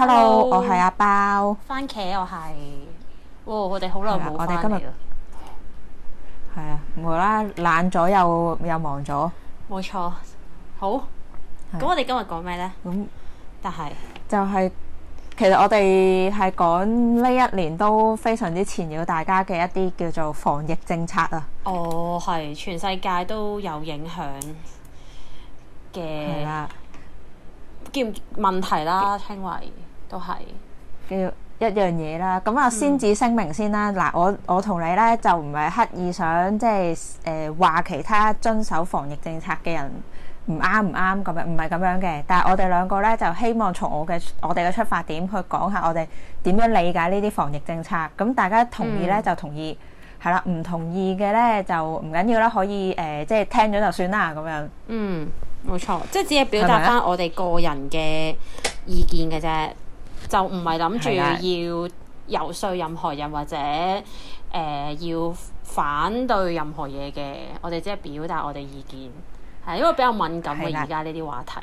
Hello，、oh, 我係阿包，番茄我係，哦，我哋好耐冇翻嚟咯，今日，係啊，無啦啦懶咗又又忙咗。冇錯，好，咁吧我哋今日講咩呢？咁那，但係是就係、是、其實我哋係講呢一年都非常之纏繞大家嘅一啲叫做防疫政策啊。哦，係，全世界都有影響嘅，叫吧吧問題啦，聽為。都係嘅叫一樣嘢啦。咁啊，先至聲明先啦。嗱、嗯，我我同你咧就唔係刻意想即係誒話其他遵守防疫政策嘅人唔啱唔啱咁樣，唔係咁樣嘅。但係我哋兩個咧就希望從我嘅我哋嘅出發點去講下我哋點樣理解呢啲防疫政策。咁大家同意咧、嗯、就同意，係啦。唔同意嘅咧就唔緊要啦，可以誒、呃、即係聽咗就算啦咁樣。嗯，冇錯，即係只係表達翻我哋個人嘅意見嘅啫。就唔係諗住要游説任何人的或者誒、呃、要反對任何嘢嘅，我哋只係表達我哋意見。係因為比較敏感嘅而家呢啲話題。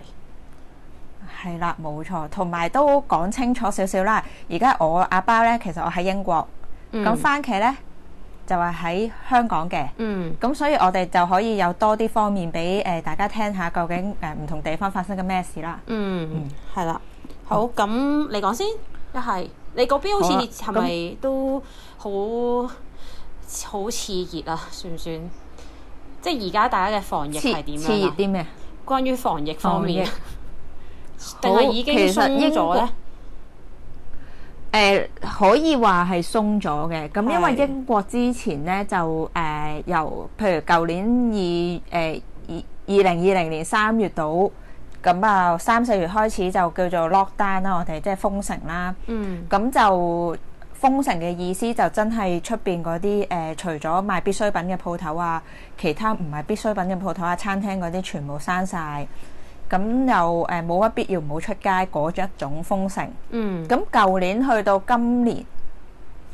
係啦，冇錯，同埋都講清楚少少啦。而家我阿包呢，其實我喺英國，咁、嗯、番茄呢，就係、是、喺香港嘅。嗯，咁所以我哋就可以有多啲方面俾誒、呃、大家聽下，究竟誒唔、呃、同地方發生緊咩事啦。嗯，係啦、嗯。好，咁你講先。一係你嗰邊好似係咪都好好熾熱啊？算唔算？即係而家大家嘅防疫係點樣啊？熾熱啲咩？關於防疫方面，定係疫已經鬆咗咧？誒、呃，可以話係鬆咗嘅。咁是因為英國之前咧就誒、呃，由譬如舊年二誒二二零二零年三月到。咁啊，三四月開始就叫做 lockdown 啦，我哋即係封城啦。咁、嗯、就封城嘅意思就真係出邊嗰啲誒，除咗賣必需品嘅鋪頭啊，其他唔係必需品嘅鋪頭啊、餐廳嗰啲全部閂晒。咁、嗯、又誒冇乜必要唔好出街，嗰種一種封城。咁舊、嗯、年去到今年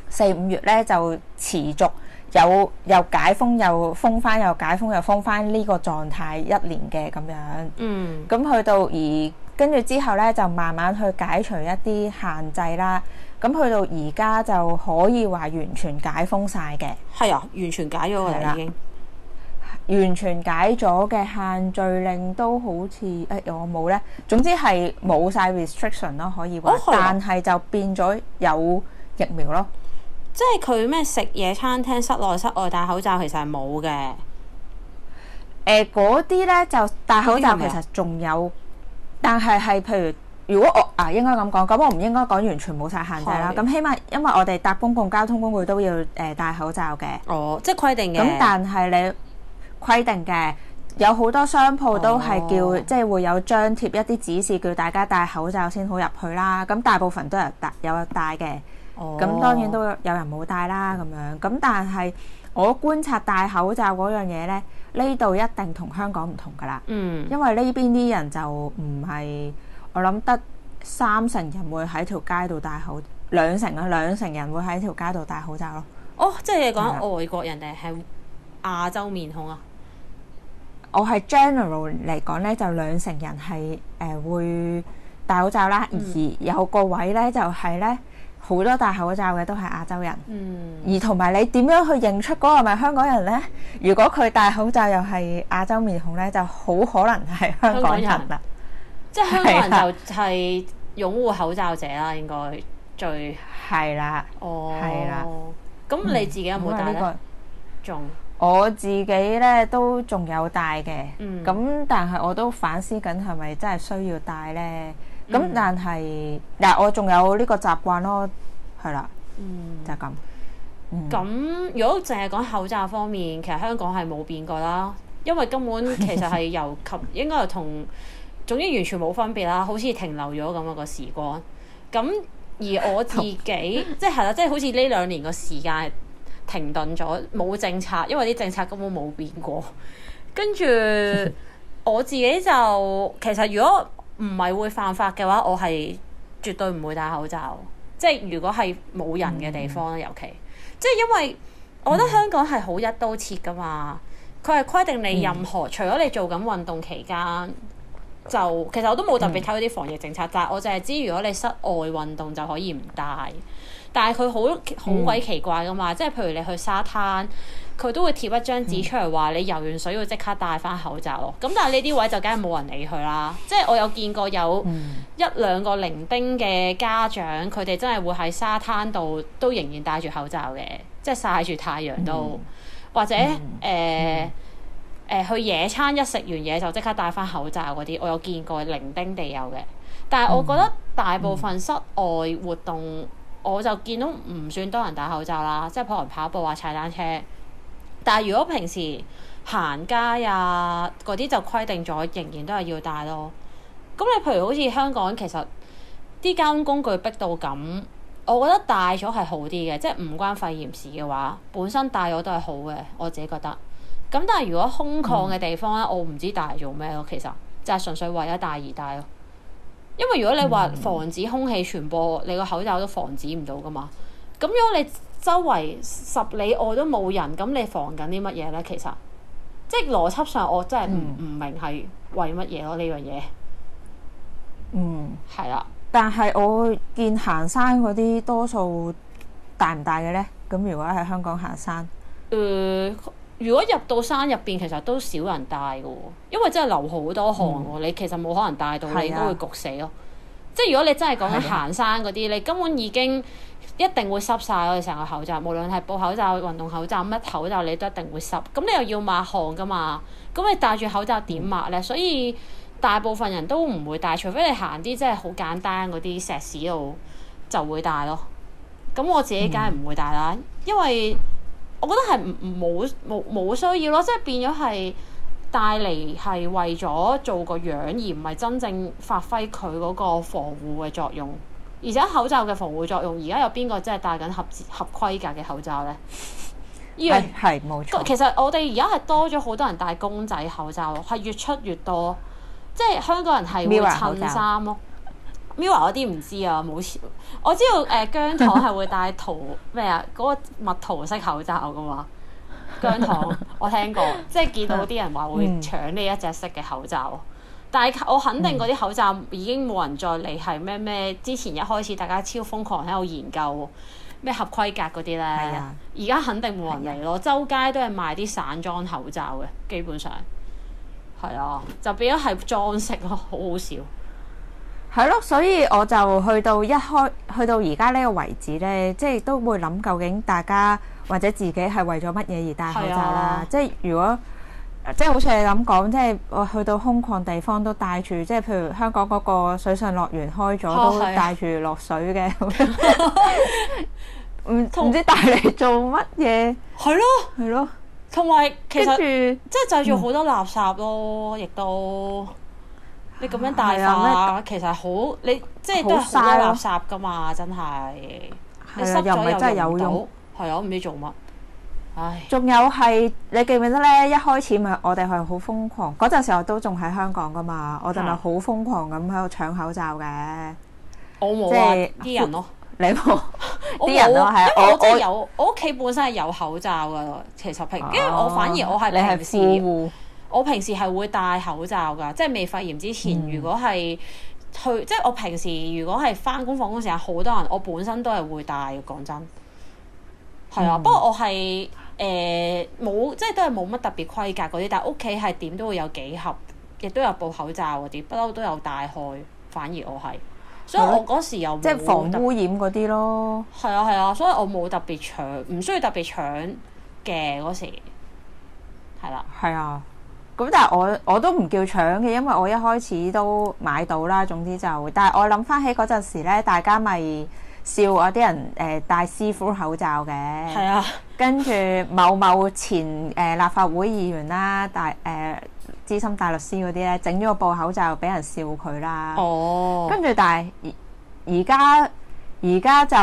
四五月咧，就持續。有又解封又封翻，又解封又封翻呢個狀態一年嘅咁樣，嗯，咁去到而跟住之後呢，就慢慢去解除一啲限制啦。咁去到而家就可以話完全解封晒嘅，係啊，完全解咗㗎啦，已經完全解咗嘅限聚令都好似誒，我冇呢，總之係冇晒 restriction 咯，可以話，哦，但係就變咗有疫苗咯。即係佢咩食嘢餐廳室內室外戴口罩，其實係冇嘅。誒嗰啲呢就戴口罩其實仲有，但係係譬如如果我啊應該咁講，咁我唔應該講完全冇晒限制啦。咁是起碼因為我哋搭公共交通工具都要誒戴口罩嘅。哦，即係規定嘅。咁但係你規定嘅有好多商鋪都係叫、哦、即係會有張貼一啲指示，叫大家戴口罩先好入去啦。咁大部分都有戴，有戴嘅。咁、哦、當然都有人冇戴啦，咁樣咁，但係我觀察戴口罩嗰樣嘢呢，呢度一定同香港唔同噶啦。嗯，因為呢邊啲人就唔係我諗得三成人會喺條街度戴口罩，兩成啊，兩成人會喺條街度戴口罩咯。哦，即係講外國人定係亞洲面孔啊，啊？我係 general 嚟講呢，就兩成人係誒、呃、會戴口罩啦，嗯、而有個位呢就係、是、呢。好多戴口罩嘅都係亞洲人，嗯，而同埋你點樣去認出嗰個係咪香港人呢？如果佢戴口罩又係亞洲面孔呢，就好可能係香港人啦。即係香港人就係擁護口罩者啦，應該最係啦。哦，係啦。咁你自己有冇戴呢？仲，我自己呢都仲有戴嘅，咁但係我都反思緊係咪真係需要戴呢？咁、嗯、但係，嗱我仲有呢個習慣咯，係啦，嗯、就係咁。咁、嗯、如果淨係講口罩方面，其實香港係冇變過啦，因為根本其實係由同應該係同總之完全冇分別啦，好似停留咗咁樣個時光。咁而我自己 即係啦，即係好似呢兩年個時間停頓咗，冇政策，因為啲政策根本冇變過。跟住我自己就其實如果唔係會犯法嘅話，我係絕對唔會戴口罩。即係如果係冇人嘅地方啦，嗯、尤其即係因為我覺得香港係好一刀切噶嘛。佢係規定你任何、嗯、除咗你做緊運動期間就其實我都冇特別睇嗰啲防疫政策，嗯、但係我淨係知如果你室外運動就可以唔戴。但係佢好好鬼奇怪噶嘛，即係、嗯、譬如你去沙灘。佢都會貼一張紙出嚟，話你游完水要即刻戴翻口罩咯。咁、嗯、但係呢啲位就梗係冇人理佢啦。即係我有見過有一兩個零丁嘅家長，佢哋、嗯、真係會喺沙灘度都仍然戴住口罩嘅，即係曬住太陽都、嗯、或者誒誒、嗯呃呃、去野餐，一食完嘢就即刻戴翻口罩嗰啲，我有見過零丁地有嘅。但係我覺得大部分室外活動，嗯嗯、我就見到唔算多人戴口罩啦，即係可能跑步呀踩單車。但係如果平時行街啊嗰啲就規定咗，仍然都係要戴咯。咁你譬如好似香港，其實啲交通工具逼到咁，我覺得戴咗係好啲嘅，即係唔關肺炎事嘅話，本身戴咗都係好嘅，我自己覺得。咁但係如果空曠嘅地方咧，嗯、我唔知戴做咩咯。其實就係純粹為咗戴而戴咯。因為如果你話防止空氣傳播，嗯、你個口罩都防止唔到噶嘛。咁如果你，周圍十里外都冇人，咁你防緊啲乜嘢呢？其實，即係邏輯上我真係唔唔明係為乜嘢咯呢樣嘢。嗯，係、嗯、啊。但係我見行山嗰啲多數帶唔帶嘅呢？咁如果喺香港行山，誒、呃，如果入到山入邊，其實都少人帶嘅喎，因為真係流好多汗喎，嗯、你其實冇可能帶到，嗯、你都會焗死咯。即係如果你真係講行山嗰啲，的你根本已經一定會濕晒我哋成個口罩，無論係布口罩、運動口罩乜口罩，你都一定會濕。咁你又要抹汗㗎嘛？咁你戴住口罩點抹咧？嗯、所以大部分人都唔會戴，除非你行啲即係好簡單嗰啲石屎度就會戴咯。咁我自己梗係唔會戴啦，嗯、因為我覺得係冇冇冇需要咯，即係變咗係。帶嚟係為咗做個樣而唔係真正發揮佢嗰個防護嘅作用，而且口罩嘅防護作用，而家有邊個真係戴緊合合規格嘅口罩呢？呢樣係冇錯。其實我哋而家係多咗好多人戴公仔口罩咯，係越出越多。即係香港人係會襯衫咯。Mirror 口罩。Mirror 嗰啲唔知啊，冇知。我知道、呃、姜濤係會戴圖咩啊？嗰、 那個蜜桃式口罩噶嘛。香我聽過，即係見到啲人話會搶你一隻色嘅口罩，嗯、但係我肯定嗰啲口罩已經冇人再嚟，係咩咩？之前一開始大家超瘋狂喺度研究咩合規格嗰啲咧，而家、啊、肯定冇人嚟咯。啊、周街都係賣啲散裝口罩嘅，基本上係啊，就變咗係裝飾咯，好好笑。係咯、啊，所以我就去到一開，去到而家呢個位置咧，即係都會諗究竟大家。或者自己係為咗乜嘢而戴口罩啦？即係如果即係好似你咁講，即係我去到空曠地方都戴住，即係譬如香港嗰個水上樂園開咗都戴住落水嘅，唔唔知戴嚟做乜嘢？係咯，係咯。同埋其實即係製造好多垃圾咯，亦都你咁樣戴其實好你即係都係好多垃圾噶嘛，真係你濕咗又唔係真係有用。係啊，唔知做乜，唉。仲有係你記唔記得咧？一開始咪我哋係好瘋狂嗰陣時候，都仲喺香港噶嘛。我哋咪好瘋狂咁喺度搶口罩嘅。我冇即係，啲人咯、啊，你冇啲人咯，係我即係有。我屋企、啊、本身係有口罩噶。其實平，哦、因為我反而我係你係唔乎我平時係會戴口罩噶，即係未肺炎之前，嗯、如果係去即係我平時如果係翻工放工時間好多人，我本身都係會戴。講真。係啊，嗯、不過我係誒冇，即係都係冇乜特別規格嗰啲，但係屋企係點都會有幾盒，亦都有布口罩嗰啲，不嬲都有大開。反而我係，所以我嗰時又、啊、即係防污染嗰啲咯。係啊係啊，所以我冇特別搶，唔需要特別搶嘅嗰時，係啦。係啊，咁、啊、但係我我都唔叫搶嘅，因為我一開始都買到啦。總之就，但係我諗翻起嗰陣時咧，大家咪，笑我啲人誒、呃、戴師傅口罩嘅，係啊，跟住某某前誒、呃、立法會議員啦，大、呃、誒資深大律師嗰啲咧，整咗個布口罩俾人笑佢啦。哦，跟住但係而家而家就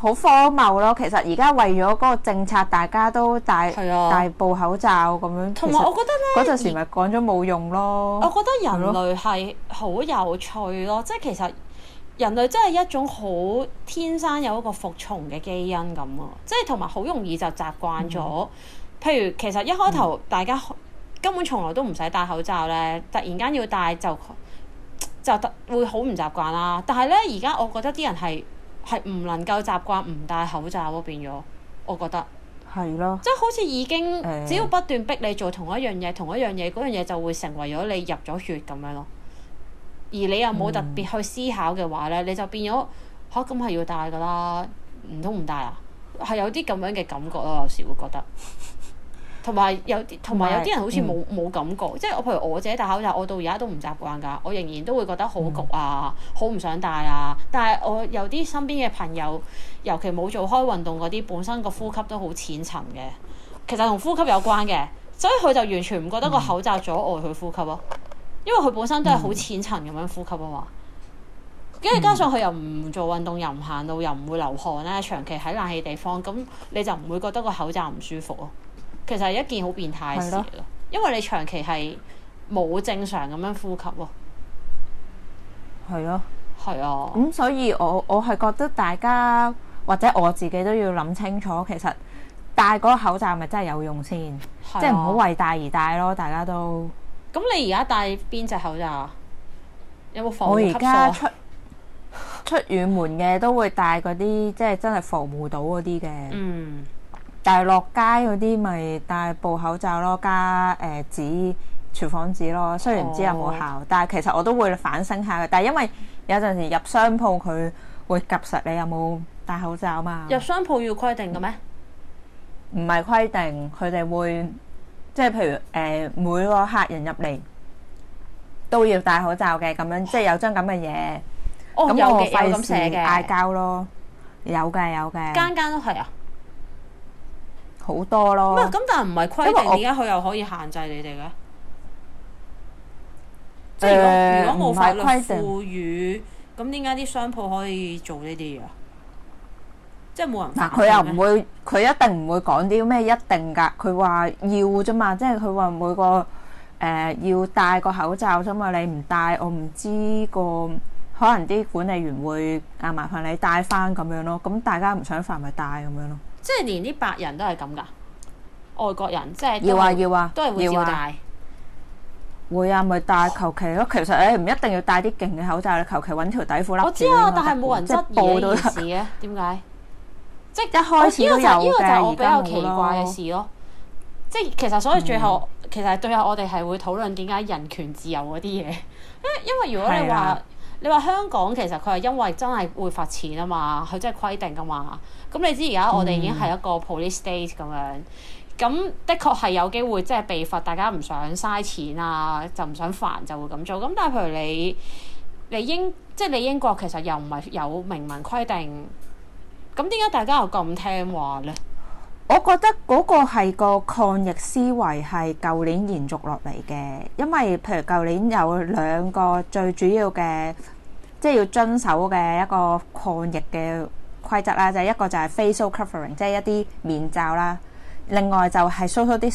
好荒謬咯。其實而家為咗嗰個政策，大家都戴、係啊、戴布口罩咁樣。同埋我覺得咧，嗰陣時咪講咗冇用咯。我覺得人類係好有趣咯，即係了其實。人類真係一種好天生有一個服從嘅基因咁啊，即係同埋好容易就習慣咗。嗯、哼譬如其實一開頭大家、嗯、根本從來都唔使戴口罩咧，突然間要戴就就會好唔習慣啦。但係咧，而家我覺得啲人係係唔能夠習慣唔戴口罩變咗，我覺得係咯，即係的好似已經只要不斷逼你做同一樣嘢，嗯、同一樣嘢，嗰樣嘢就會成為咗你入咗血咁樣咯。而你又冇特別去思考嘅話呢，嗯、你就變咗嚇咁係要戴㗎啦，唔通唔戴啊？係有啲咁樣嘅感覺咯，有時會覺得。同埋有啲，同埋有啲人好似冇冇感覺，嗯、即係我譬如我自己戴口罩，我到而家都唔習慣㗎，我仍然都會覺得好焗啊，嗯、好唔想戴啊。但係我有啲身邊嘅朋友，尤其冇做開運動嗰啲，本身個呼吸都好淺層嘅，其實同呼吸有關嘅，所以佢就完全唔覺得個口罩阻礙佢呼吸咯。嗯因為佢本身都係好淺層咁樣呼吸啊嘛，跟住、嗯、加上佢又唔做運動、嗯、又唔行路又唔會流汗啦。長期喺冷氣地方咁，你就唔會覺得個口罩唔舒服咯。其實係一件好變態事咯，的因為你長期係冇正常咁樣呼吸咯。係啊的，係啊的。咁所以我我係覺得大家或者我自己都要諗清楚，其實戴嗰個口罩咪真係有用先，的即係唔好為戴而戴咯，大家都。咁你而家戴邊隻口罩？有冇防護級數啊？我而家出出遠門嘅都會戴嗰啲，即係真係防護到嗰啲嘅。嗯。但係落街嗰啲咪戴布口罩咯，加誒、呃、紙、廚房紙咯。雖然唔知有冇效，哦、但係其實我都會反省下嘅。但係因為有陣時入商鋪佢會夾實，你有冇戴口罩嘛？入商鋪要規定嘅咩？唔係規定，佢哋會。即係譬如誒每個客人入嚟都要戴口罩嘅咁樣，即係有張咁嘅嘢，咁我費事嗌交咯。有嘅有嘅，間間都係啊，好多咯。唔係咁，但係唔係規定？點解佢又可以限制你哋嘅？即係如果如果冇法律賦予，咁點解啲商鋪可以做呢啲嘢？即係冇人。嗱，佢又唔會，佢一定唔會講啲咩一定㗎。佢話要啫嘛，即係佢話每個誒要戴個口罩啫嘛。你唔戴，我唔知個可能啲管理員會啊，麻煩你戴翻咁樣咯。咁大家唔想煩咪戴咁樣咯。即係連啲白人都係咁㗎，外國人即係要啊，要啊，都係會戴，要啊，會啊，咪戴求其咯。其實咧唔一定要戴啲勁嘅口罩，你求其揾條底褲笠住啊嘛。我知啊，但係冇人執到事啊！點解？即係一開始呢個就係我比較奇怪嘅事咯。即係其實所以最後，嗯、其實對後我哋係會討論點解人權自由嗰啲嘢。 因為如果你話是的 你話香港其實佢係因為真係會罰錢啊嘛，佢真係規定噶嘛。咁、嗯嗯、你知而家我哋已經係一個 police state 咁樣，咁的確係有機會即係被罰。大家唔想嘥錢啊，就唔想煩，就會咁做。咁但係譬如你你英即係你英國其實又唔係有明文規,規定。咁點解大家又咁聽話呢？我覺得嗰個係個抗疫思維係舊年延續落嚟嘅，因為譬如舊年有兩個最主要嘅，即係要遵守嘅一個抗疫嘅規則啦，就係一個就係 facial covering，即係一啲面罩啦。另外就係 social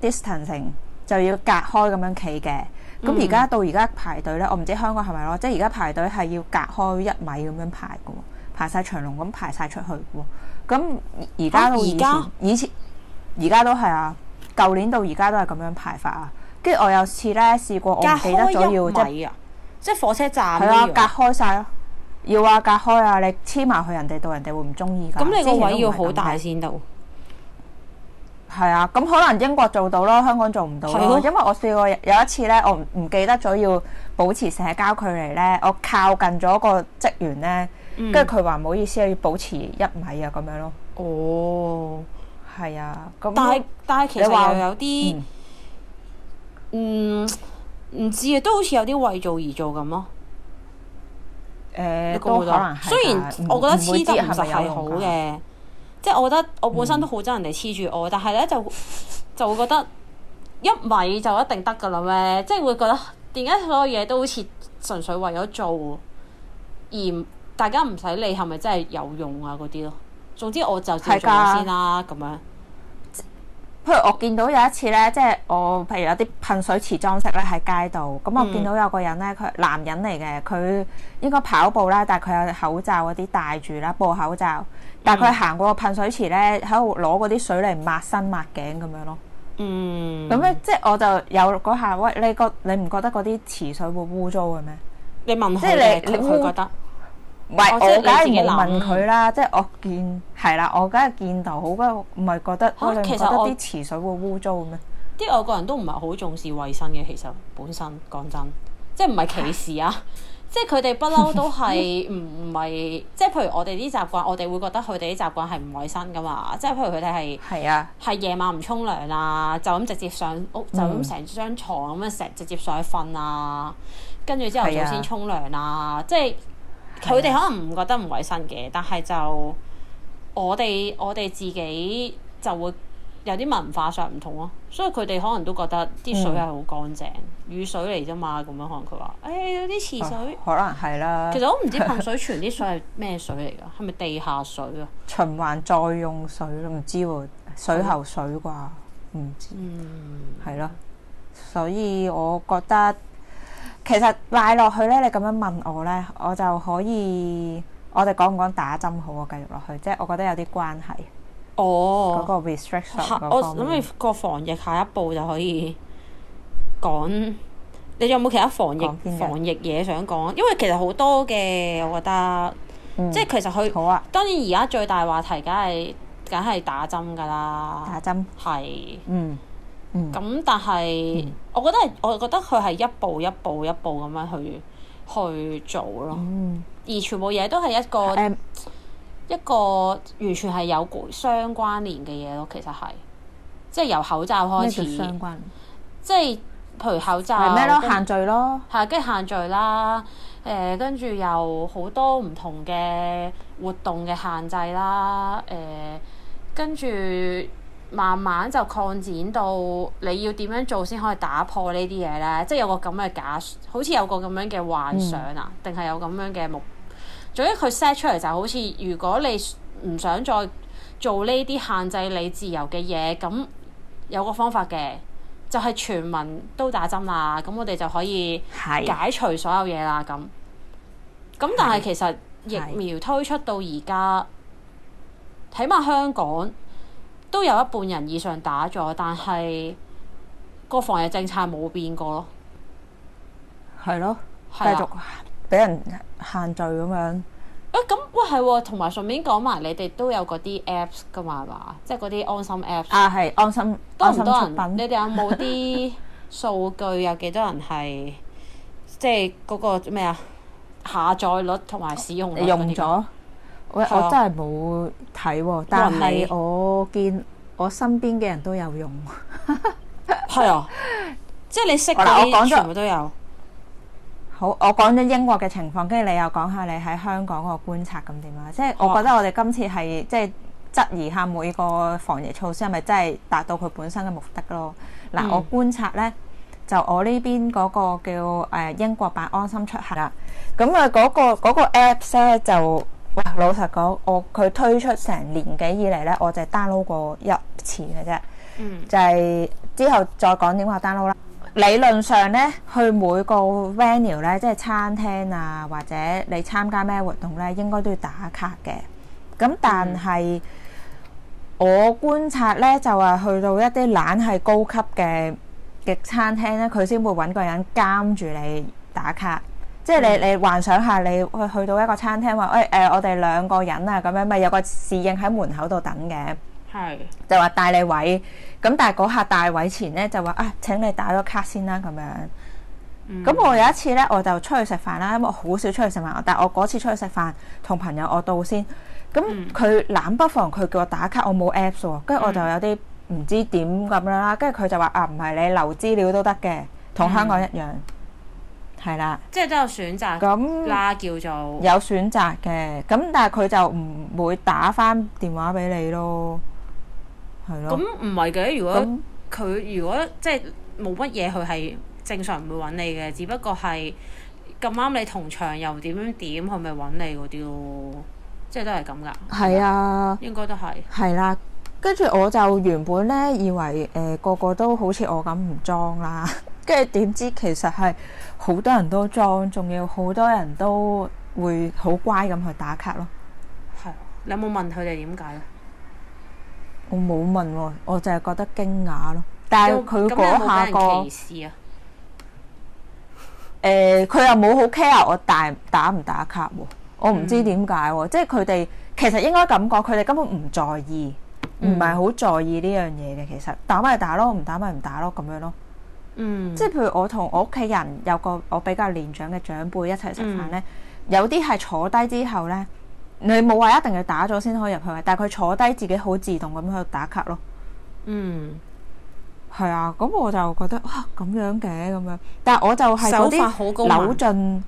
distancing，就要隔開咁樣企嘅。咁而家到而家排隊咧，我唔知香港係咪咯？即係而家排隊係要隔開一米咁樣排嘅。排晒長龍咁排晒出去喎。咁而而家到以前，而家都係啊。舊、啊、年到而家都係咁樣排法啊。跟住我有次咧試過我唔記得咗要睇啊，即係火車站係啊，隔開晒咯，要啊，隔開啊。你黐埋去人哋度，人哋會唔中意㗎。咁你個位要好大先得。係啊，咁可能英國做到咯，香港做唔到咯。因為我試過有一次咧，我唔唔記得咗要保持社交距離咧，我靠近咗個職員咧。跟住佢話唔好意思，要保持一米啊，咁樣咯。哦，係啊，咁但係但係其實又有啲，嗯，唔、嗯、知啊，都好似有啲為做而做咁咯。誒、呃，都雖然我覺得黐得啲係有用噶。即係我覺得我本身都好憎人哋黐住我，嗯、但係咧就就會覺得一米就一定得噶啦咩？即係會覺得點解所有嘢都好似純粹為咗做而。大家唔使理係咪真係有用啊嗰啲咯。總之我就照做先啦。咁的樣，譬如我見到有一次咧，即係我譬如有啲噴水池裝飾咧喺街度，咁我見到有個人咧，佢男人嚟嘅，佢應該跑步啦，但係佢有口罩嗰啲戴住啦，布口罩，嗯、但係佢行過噴水池咧，喺度攞嗰啲水嚟抹身抹頸咁樣咯。嗯，咁咧即係我就有嗰下，喂，你覺你唔覺得嗰啲池水會污糟嘅咩？你問即係你，你佢覺，覺得。喂，哦、即我梗係冇問佢啦，即係我見係啦，我梗係見到好不，唔係覺得，啊、你唔覺得啲池水會污糟咩？啲外國人都唔係好重視衞生嘅，其實本身講真，即係唔係歧視啊！ 即係佢哋不嬲都係唔唔係， 即係譬如我哋啲習慣，我哋會覺得佢哋啲習慣係唔衞生噶嘛！即係譬如佢哋係係啊，係夜晚唔沖涼啊，就咁直接上屋，就咁成張床咁樣成、嗯、直接上去瞓啊，跟住朝頭早先沖涼啊，的即係。即佢哋可能唔覺得唔衞生嘅，但係就我哋我哋自己就會有啲文化上唔同咯、啊，所以佢哋可能都覺得啲水係好乾淨，嗯、雨水嚟啫嘛，咁樣可能佢話、哎：，有啲池水、啊、可能係啦。其實我唔知噴水泉啲水係咩水嚟噶，係咪 地下水啊？循環再用水，唔知喎，水喉水啩，唔知，嗯，係咯。所以我覺得。其實賣落去咧，你咁樣問我咧，我就可以，我哋講唔講打針好啊，繼續落去，即係我覺得有啲關係。哦，嗰個 restriction 下我諗起個防疫下一步就可以講。你有冇其他防疫說說防疫嘢想講？因為其實好多嘅，我覺得，嗯、即係其實佢好啊。當然而家最大話題，梗係梗係打針㗎啦，打針針係是嗯。咁、嗯、但係，我覺得、嗯、我覺得佢係一步一步一步咁樣去去做咯，嗯、而全部嘢都係一個、嗯、一個完全係有相關連嘅嘢咯。其實係即係由口罩開始相關，即係譬如口罩咩咯？限聚咯，係跟住限聚啦。誒、啊，跟住又好多唔同嘅活動嘅限制啦。誒、呃，跟住。慢慢就擴展到你要點樣做先可以打破呢啲嘢呢？即係有個咁嘅假，好似有個咁樣嘅幻想啊，定係、嗯、有咁樣嘅目？總之佢 set 出嚟就好似，如果你唔想再做呢啲限制你自由嘅嘢，咁有個方法嘅，就係、是、全民都打針啦，咁我哋就可以解除所有嘢啦。咁咁但係其實疫苗推出到而家，起碼香港，都有一半人以上打咗，但係個防疫政策冇變過咯，係咯了，繼、啊、續俾人限聚咁樣。咁喂係，同埋順便講埋，你哋都有嗰啲 apps 噶嘛，係嘛，即係嗰啲安心 apps。啊，係安心。多唔多人？你哋有冇啲數據有？有幾多人係即係嗰個咩啊？下載率同埋使用率、啊、用咗。我真係冇睇，但係我見我身邊嘅人都有用，係 啊、 嗯，即係你識嗰啲 全部都有。好，我講咗英國嘅情況，跟住你又講下你喺香港個觀察咁點啊？即係我覺得我哋今次係即係質疑下每個防疫措施係咪真係達到佢本身嘅目的咯？嗱，我觀察呢，就我呢邊嗰個叫誒英國版安心出行啦，咁啊嗰個、嗰個 app 咧就。老實講，我佢推出成年幾以嚟呢，我就係 download 過一次嘅啫。嗯、就係之後再講點解 download 啦。理論上呢，去每個 venue 呢，即係餐廳啊，或者你參加咩活動呢、啊，應該都要打卡嘅。咁但係、嗯、我觀察呢，就係、是、去到一啲懶係高級嘅嘅餐廳呢，佢先會揾個人監住你打卡。即係你，你幻想下，你去去到一個餐廳話，喂，誒、哎呃，我哋兩個人啊，咁樣咪有個侍應喺門口度等嘅，係是，就話帶你位，咁但係嗰下帶位前咧就話啊，請你打咗卡先啦，咁樣，咁、嗯、我有一次咧我就出去食飯啦，因為我好少出去食飯，但我嗰次出去食飯同朋友我先到先，咁佢冷不防佢叫我打卡，我冇 Apps 喎、哦，跟住我就有啲唔知點咁啦，跟住佢就話、嗯、啊，唔係你留資料都得嘅，同香港一樣。嗯係啦，即係都有選擇啦，嗯、叫做有選擇嘅。咁、嗯、但係佢就唔會打翻電話俾你咯，係咯。咁唔係嘅，如果佢、嗯、如果即係冇乜嘢，佢係正常唔會揾你嘅。只不過係咁啱你同場又點樣點，佢咪揾你嗰啲咯。即係都係咁噶。係啊，應該都係。係啦，跟住我就原本呢，以為誒、呃、個個都好似我咁唔裝啦。跟住點知其實係好多人都裝，仲要好多人都會好乖咁去打卡咯。係啊，你有冇問佢哋點解咧？我冇問喎，我就係覺得驚訝咯。但係佢講下個，誒，佢又冇好 care 我打打唔打卡喎。我唔知點解喎，即係佢哋其實應該咁講，佢哋根本唔在意，唔係好在意呢樣嘢嘅。其實打咪打咯，唔打咪唔打咯，咁樣咯。嗯，即係譬如我同我屋企人有個我比較年長嘅長輩一齊食飯呢，嗯、有啲係坐低之後呢，你冇話一定要打咗先可以入去，但係佢坐低自己好自動咁去度打卡咯。嗯，係啊，咁我就覺得哇，咁、啊、樣嘅咁樣，但係我就係嗰啲扭進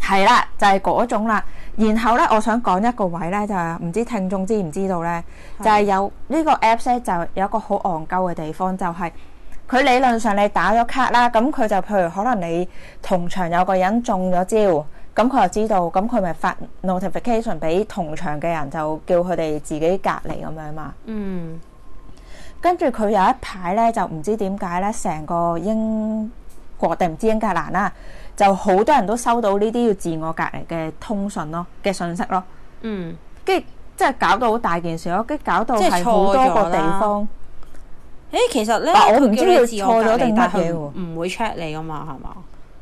係啦，就係、是、嗰種啦。然後呢，我想講一個位呢，就唔、是、知聽眾知唔知道呢，是就係有呢、這個 app 呢，就有一個好戇鳩嘅地方就係、是。佢理論上你打咗卡啦，咁佢就譬如可能你同場有個人中咗招，咁佢就知道，咁佢咪發 notification 俾同場嘅人，就叫佢哋自己隔離咁樣嘛。嗯。跟住佢有一排咧，就唔知點解咧，成個英國定唔知英格蘭啦，就好多人都收到呢啲要自我隔離嘅通訊咯，嘅信息咯。嗯。跟住即係搞到好大件事咯，跟搞到係好多個地方。嗯。誒，其實咧，但我唔知你錯咗定乜嘢，唔會 check 你噶嘛，係嘛？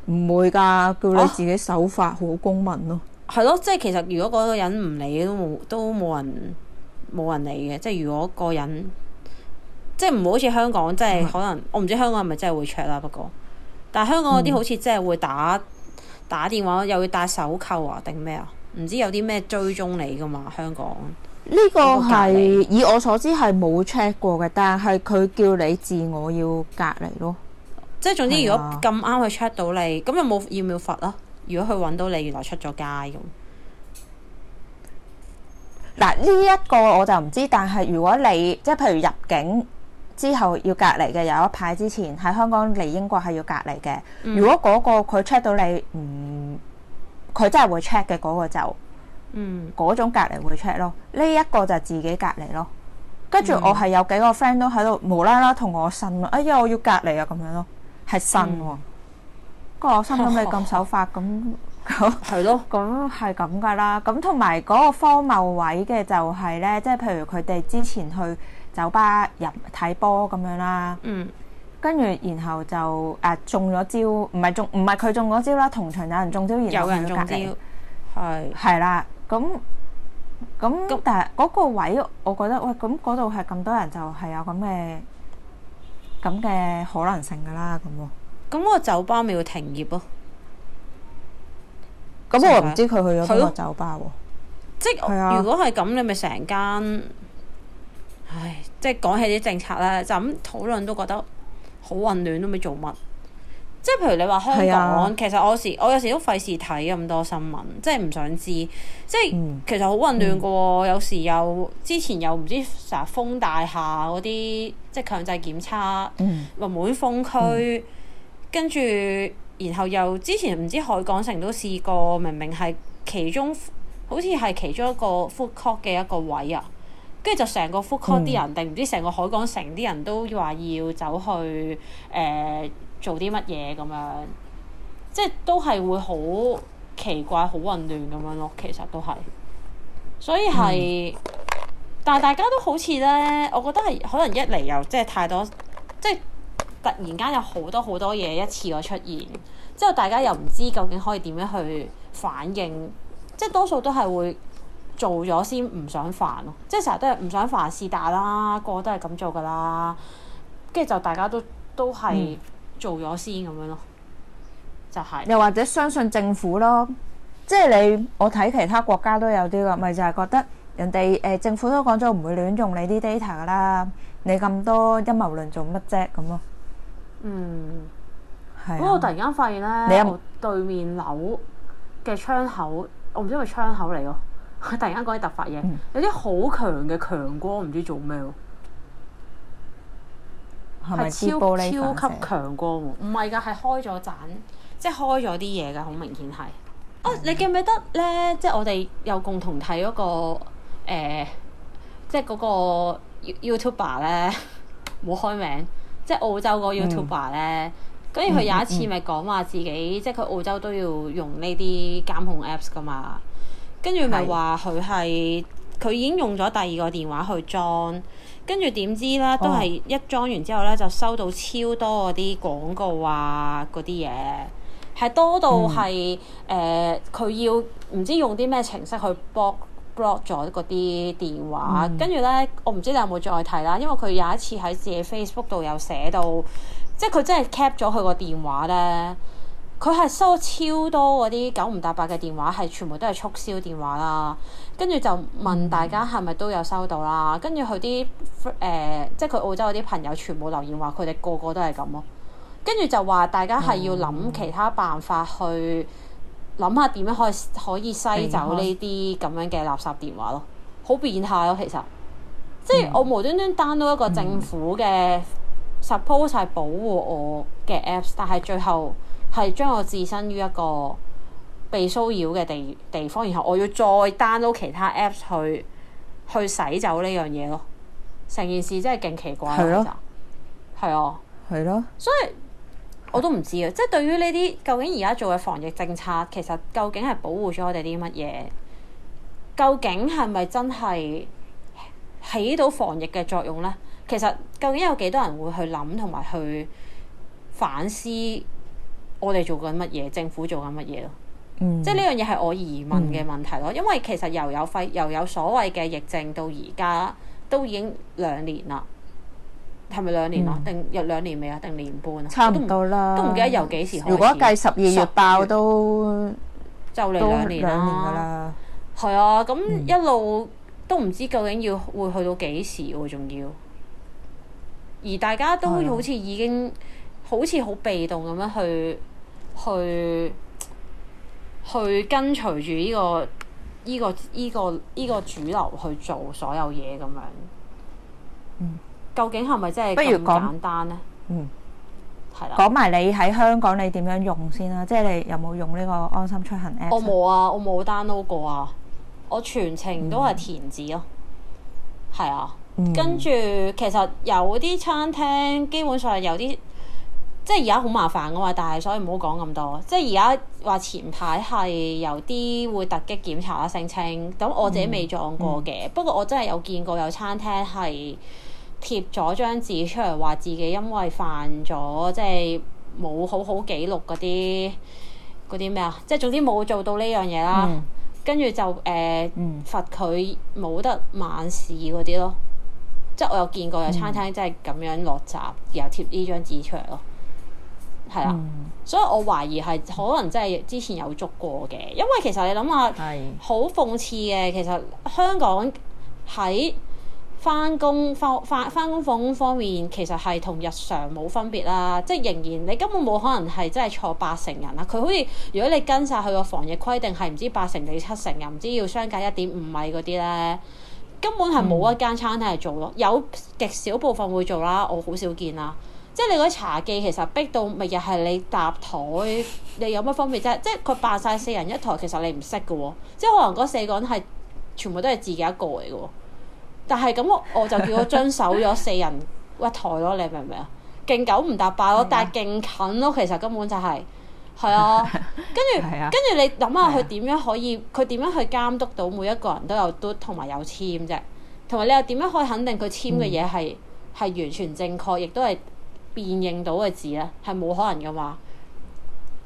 唔會噶，叫你自己守法，好公民咯。係咯，即係其實如果嗰個人唔理都冇，都冇人冇人理嘅。即係如果個人，即係唔好似香港，即係 可能我唔知香港係咪真係會 check 啦。不過，但係香港嗰啲好似真係會打、嗯、打電話，又會戴手扣啊，定咩啊？唔知有啲咩追蹤你噶嘛？香港。呢個係離以我所知係冇 check 過嘅，但係佢叫你自我要隔離咯。即係總之，的如果咁啱佢 check 到你，咁又冇要唔要罰啦？如果佢揾到你原來出咗街咁，嗱呢一個我就唔知。但係如果你即係譬如入境之後要隔離嘅，有一排之前喺香港嚟英國係要隔離嘅。嗯、如果嗰個佢 check 到你唔，佢、嗯、真係會 check 嘅嗰個就。嗯，嗰種隔離會 check 咯，呢一個就自己隔離咯。跟住我係有幾個 friend 都喺度無啦啦同我呻。哎呀，我要隔離啊咁樣咯，係呻喎。個我心諗你咁手法咁咁係咯，咁係咁噶啦。咁同埋嗰個荒謬位嘅就係咧，即係譬如佢哋之前去酒吧入睇波咁樣啦。嗯，跟住然後就誒中咗招，唔係中唔係佢中咗招啦，同場有人中招而有人中招，係係啦。咁咁，嗯嗯、但係嗰個位，我覺得喂，咁嗰度係咁多人就，就係有咁嘅咁嘅可能性噶啦。咁咁嗰個酒吧咪要停業咯？咁我唔知佢去咗嗰個酒吧喎，嗯，即係，啊，如果係咁，你咪成間唉，即係講起啲政策咧，就咁討論都覺得好混亂，都未做乜。即係譬如你話香港，啊、其實我有時我有時都費事睇咁多新聞，即係唔想知。即係其實好混亂嘅喎，嗯、有時又之前又唔知成日封大廈嗰啲，即係強制檢測，話、嗯、滿封區，嗯、跟住然後又之前唔知海港城都試過，明明係其中好似係其中一個 food court 嘅一個位啊，跟住就成個 food court 啲人定唔、嗯、知成個海港城啲人都話要走去誒。呃做啲乜嘢咁樣，即係都係會好奇怪、好混亂咁樣咯。其實都係，所以係，嗯、但係大家都好似咧，我覺得係可能一嚟又即係太多，即係突然間有好多好多嘢一次過出現，之後大家又唔知究竟可以點樣去反應，即係多數都係會做咗先唔想煩咯。即係成日都係唔想煩是但啦，個個都係咁做㗎啦，跟住就大家都都係、嗯。做咗先咁樣咯、就是，就係，又或者相信政府咯，即係你我睇其他國家都有啲咯，咪就係、是、覺得人哋誒、呃、政府都講咗唔會亂用你啲 data 噶啦，你咁多陰謀論做乜啫咁咯。嗯，係、啊。不過突然間發現咧，你有冇、啊、對面樓嘅窗口，我唔知係咪窗口嚟咯，佢 突然間講起突發嘢，嗯、有啲好強嘅強光，唔知做咩咯。係超超級強光喎，唔係㗎，係開咗盞，即係開咗啲嘢㗎，好明顯係。嗯、啊，你記唔記得咧？即係我哋有共同睇嗰、嗰個、欸、即係嗰個 YouTuber 咧冇 開名，即係澳洲個 YouTuber 咧。跟住佢有一次咪講話自己，嗯嗯即係佢澳洲都要用呢啲監控 Apps 㗎嘛。跟住咪話佢係佢已經用咗第二個電話去裝。跟住點知啦，都係一裝完之後咧，就收到超多嗰啲廣告啊，嗰啲嘢係多到係誒，佢、嗯呃、要唔知用啲咩程式去 block block 咗嗰啲電話。嗯、跟住咧，我唔知你有冇再睇啦，因為佢有一次喺自己 Facebook 度有寫到，即係佢真係 cap 咗佢個電話咧。佢係收超多嗰啲九唔搭八嘅電話，係全部都係促銷電話啦。跟住就問大家係咪都有收到啦？跟住佢啲誒，即係佢澳洲嗰啲朋友，全部留言話佢哋個個都係咁咯。跟住就話大家係要諗其他辦法去諗下點樣可以可以篩走呢啲咁樣嘅垃圾電話咯。好變態咯，其實即係我無端端 download 一個政府嘅 suppose 係保護我嘅 apps，但係最後。係將我置身於一個被騷擾嘅地地方，然後我要再 download 其他 apps 去去洗走呢樣嘢咯。成件事真係勁奇怪啦！係咯的，係啊，係咯。的所以我都唔知啊，的即係對於呢啲究竟而家做嘅防疫政策，其實究竟係保護咗我哋啲乜嘢？究竟係咪真係起到防疫嘅作用呢？其實究竟有幾多人會去諗同埋去反思？我哋做緊乜嘢？政府做緊乜嘢咯？嗯、即係呢樣嘢係我疑問嘅問題咯。嗯、因為其實又有肺，又有所謂嘅疫症到，到而家都已經兩年啦。係咪兩年咯？定有兩年未啊？定年半啊？差唔多啦。都唔記得由幾時開始。如果計十二月爆都就嚟兩年啦。係啊，咁、嗯啊、一路都唔知究竟要會去到幾時仲要。而大家都好似已經、啊。啊啊好似好被動咁樣去去去跟隨住呢個呢個呢個呢個主流去做所有嘢咁樣。嗯，究竟係咪真係咁簡單呢，嗯，係啦。講埋你喺香港你點樣用先啦？即係你有冇用呢個安心出行 app？我冇啊，我冇 download 過啊。我全程都係填字咯，係啊。跟住其實有啲餐廳基本上有啲。即係而家好麻煩㗎嘛，但係所以唔好講咁多。即係而家話前排係有啲會突擊檢查啦、聲稱。咁我自己未撞過嘅，嗯嗯、不過我真係有見過有餐廳係貼咗張紙出嚟，話自己因為犯咗即係冇好好記錄嗰啲嗰啲咩啊，即係總之冇做到呢樣嘢啦。跟住、嗯、就誒、呃嗯、罰佢冇得晚市嗰啲咯。即係我有見過有餐廳真係咁樣落閘，嗯、然後貼呢張紙出嚟咯。係啦，嗯、所以我懷疑係可能真係之前有捉過嘅，因為其實你諗下，好是諷刺嘅。其實香港喺翻工方翻翻工放工方面，其實係同日常冇分別啦，即係仍然你根本冇可能係真係坐八成人啦。佢好似如果你跟晒佢個防疫規定係唔知八成定七成啊，唔知要相隔一點五米嗰啲咧，根本係冇一間餐廳係做咯，嗯、有極少部分會做啦，我好少見啦。即係你嗰茶記，其實逼到咪又係你搭台，你有乜方便啫？即係佢扮晒四人一台，其實你唔識嘅喎。即係可能嗰四個人係全部都係自己一個嚟嘅，但係咁我就叫佢遵守咗四人一台咯。 你明唔明啊？勁久唔搭八咯，但係勁近咯、哦。 其實根本就係、係、係啊，跟住跟住你諗下佢點樣可以佢點樣去監督到每一個人都有都同埋有，有簽啫，同埋你又點樣可以肯定佢簽嘅嘢係係完全正確，亦都係。辨認到嘅字咧，係冇可能嘅嘛，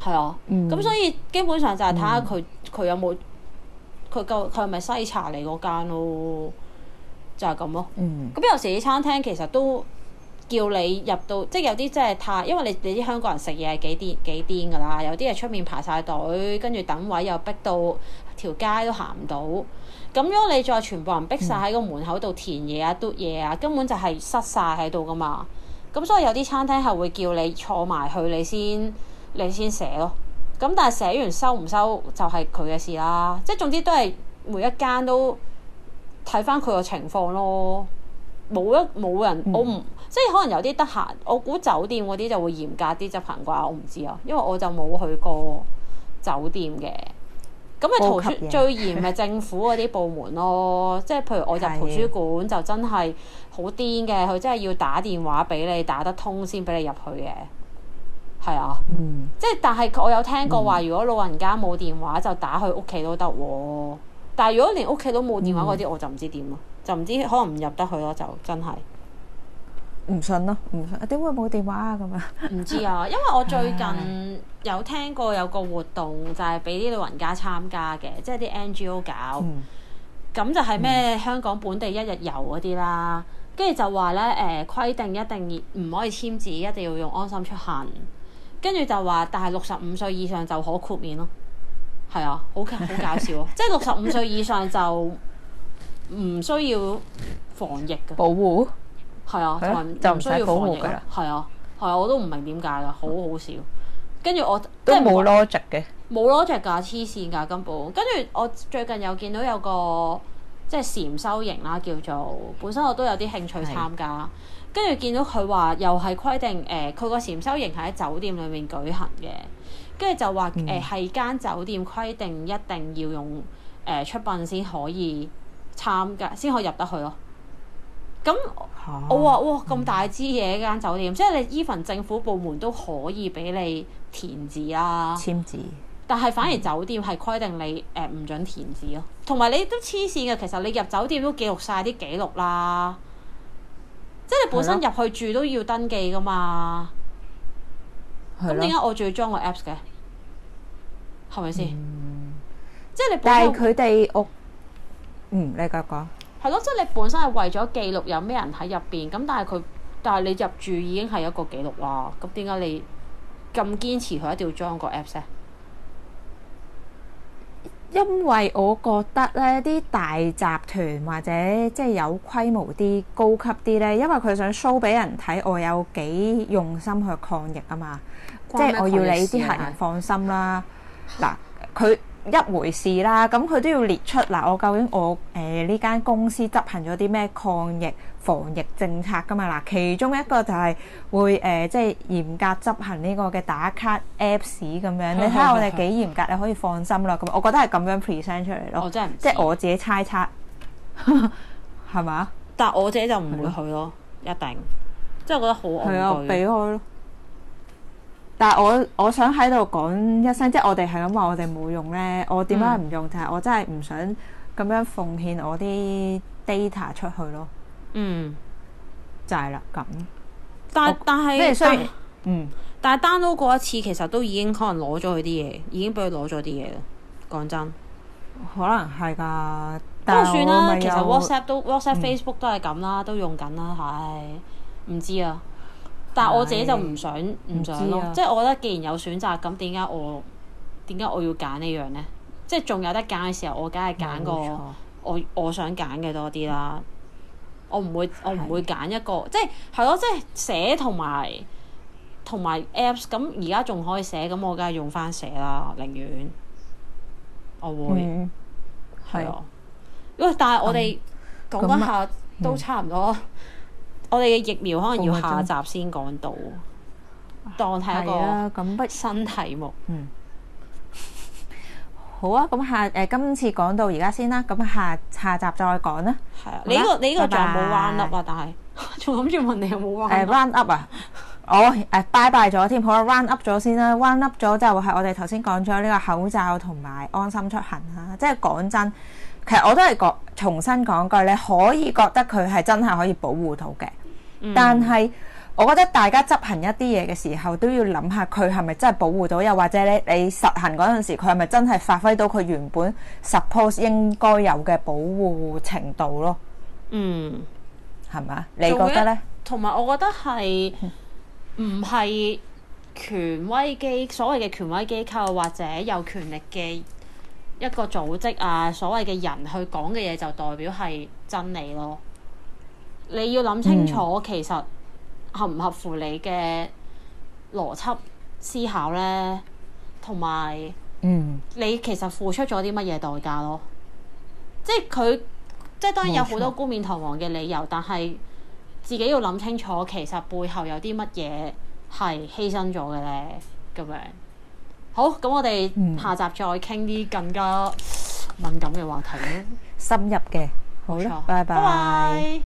係啊，咁、嗯、所以基本上就係睇下佢佢、嗯、有冇佢夠佢係咪西茶嚟嗰間咯，就係、是、咁咯。咁、嗯、有時啲餐廳其實都叫你入到，即係有啲即係太，因為你你啲香港人食嘢係幾癲幾癲㗎啦，有啲係出面排晒隊，跟住等位又逼到條街都行唔到，咁樣你再全部人逼晒喺個門口度填嘢啊篤嘢啊，嗯、根本就係塞晒喺度㗎嘛。咁所以有啲餐廳係會叫你坐埋去，你先你先寫咯。咁但係寫完收唔收就係佢嘅事啦。即係總之都係每一間都睇返佢個情況咯。冇一冇人，我唔即係可能有啲得閒。我估酒店嗰啲就會嚴格啲執行啩。我唔知啊，因為我就冇去過酒店嘅。咁啊，圖書最嚴咪政府嗰啲部門咯， 即係譬如我入圖書館 就真係好癲嘅，佢真係要打電話俾你打得通先俾你入去嘅，係啊，嗯、即係但係我有聽過話，如果老人家冇電話就打去屋企都得喎，但係如果連屋企都冇電話嗰啲，嗯、我就唔知點啦，就唔知可能唔入得去咯，就真係。唔信咯，唔信啊！點會冇電話啊？咁樣唔知啊，因為我最近有聽過有個活動，就係俾啲老人家參加嘅，即係啲 NGO 搞。咁、嗯、就係咩？香港本地一日遊嗰啲啦，跟住就話咧誒，規定一定唔可以簽字，一定要用安心出行。跟住就話，但係六十五歲以上就可豁免咯。係啊，好好搞笑啊！ 即係六十五歲以上就唔需要防疫嘅保護。係啊，就唔、哎、呀需要服務㗎。係啊，係啊，我都唔明點解啦，好、嗯、好笑。跟住我都冇 logic 嘅，冇 logic 㗎，黐線㗎根本。跟住我最近又見到有個即係禪修營啦，叫做本身我都有啲興趣參加。跟住見到佢話又係規定，誒佢個禪修營係喺酒店裏面舉行嘅，跟住就話誒係間酒店規定一定要用誒、呃、出殯先可以參加，先可以入得去，去咯。咁我話哇咁大支嘢間酒店，嗯、即係你 even 政府部門都可以俾你填字啦、啊，簽字。但係反而酒店係規定你誒唔、嗯呃、准填字咯、啊，同埋你都黐線嘅。其實你入酒店都記錄晒啲記錄啦，即係你本身入去住都要登記噶嘛。咁點解我仲要裝個 Apps 嘅？係咪先？嗯、即係你。但係佢哋屋？嗯，你繼續講。係咯，即係你本身係為咗記錄有咩人喺入邊，咁但係佢，但係你入住已經係一個記錄啦。咁點解你咁堅持佢一定要裝個 app 呢？因為我覺得呢啲大集團或者即係有規模啲、高級啲呢，因為佢想 show 俾人睇我有幾用心去抗疫啊嘛。即係我要你啲客人放心啦。嗱，佢。一回事啦，咁佢都要列出嗱，我究竟我誒呢間公司執行咗啲咩抗疫防疫政策㗎嘛嗱，其中一個就係會誒、呃、即係嚴格執行呢個嘅打卡 Apps 咁樣。 你睇下我哋幾嚴格，你可以放心啦。咁 我覺得係咁樣 present 出嚟咯，即係我自己猜測係嘛？ 吧但係我自己就唔會去咯，啊、一定，即係覺得好啊，避開咯。但係我我想喺度講一聲，即係我哋係咁話我哋冇用咧。我點解唔用？就係、嗯、我真係唔想咁樣奉獻我啲 data 出去咯。嗯，就係啦，咁。但但係，嗯，但係 download 過一次，其實都已經可能攞咗佢啲嘢，已經俾佢攞咗啲嘢啦。講真，可能係㗎。都算啦，其實 WhatsApp 都 WhatsApp、Facebook 都係咁啦，都用緊啦，係唔知啊。但係我自己就唔想唔想咯，即係我覺得既然有選擇，咁點解我點解我要揀呢樣呢？即係仲有得揀嘅時候，我梗係揀個我我想揀嘅多啲啦。我唔會我唔會揀一個，即係係咯，即係寫同埋同埋 Apps。咁而家仲可以寫，咁我梗係用翻寫啦，寧願我會係啊。因為但係我哋講一下都差唔多。我哋嘅疫苗可能要下集先講到，當係一個咁新題目，啊。嗯，好啊，咁下誒、呃、今次講到而家先啦，咁下下集再講啦。係啊，吧你呢、呢個你呢個仲有冇彎凹啊？但係仲諗住問你有冇彎、呃？誒彎凹啊！我誒拜拜咗添，好啦，啊，彎凹咗先啦，彎凹咗就後係我哋頭先講咗呢個口罩同埋安心出行啦。即係講真，其實我都係講重新講句咧，你可以覺得佢係真係可以保護到嘅。但係，我覺得大家執行一啲嘢嘅時候，都要諗下佢係咪真係保護到，又或者咧，你實行嗰陣時，佢係咪真係發揮到佢原本 suppose 應該有嘅保護程度咯？嗯，係嘛？你覺得呢？同埋我覺得係唔係權威機所謂嘅權威機構或者有權力嘅一個組織啊，所謂嘅人去講嘅嘢就代表係真理咯？你要諗清楚，其實合唔合乎你嘅邏輯思考呢？同埋，嗯，你其實付出咗啲乜嘢代價咯？即係佢，即係當然有好多冠冕堂皇嘅理由，冇錯。但係自己要諗清楚，其實背後有啲乜嘢係犧牲咗嘅呢。咁樣好，咁我哋下集再傾啲更加敏感嘅話題，深入嘅，好啦，拜拜。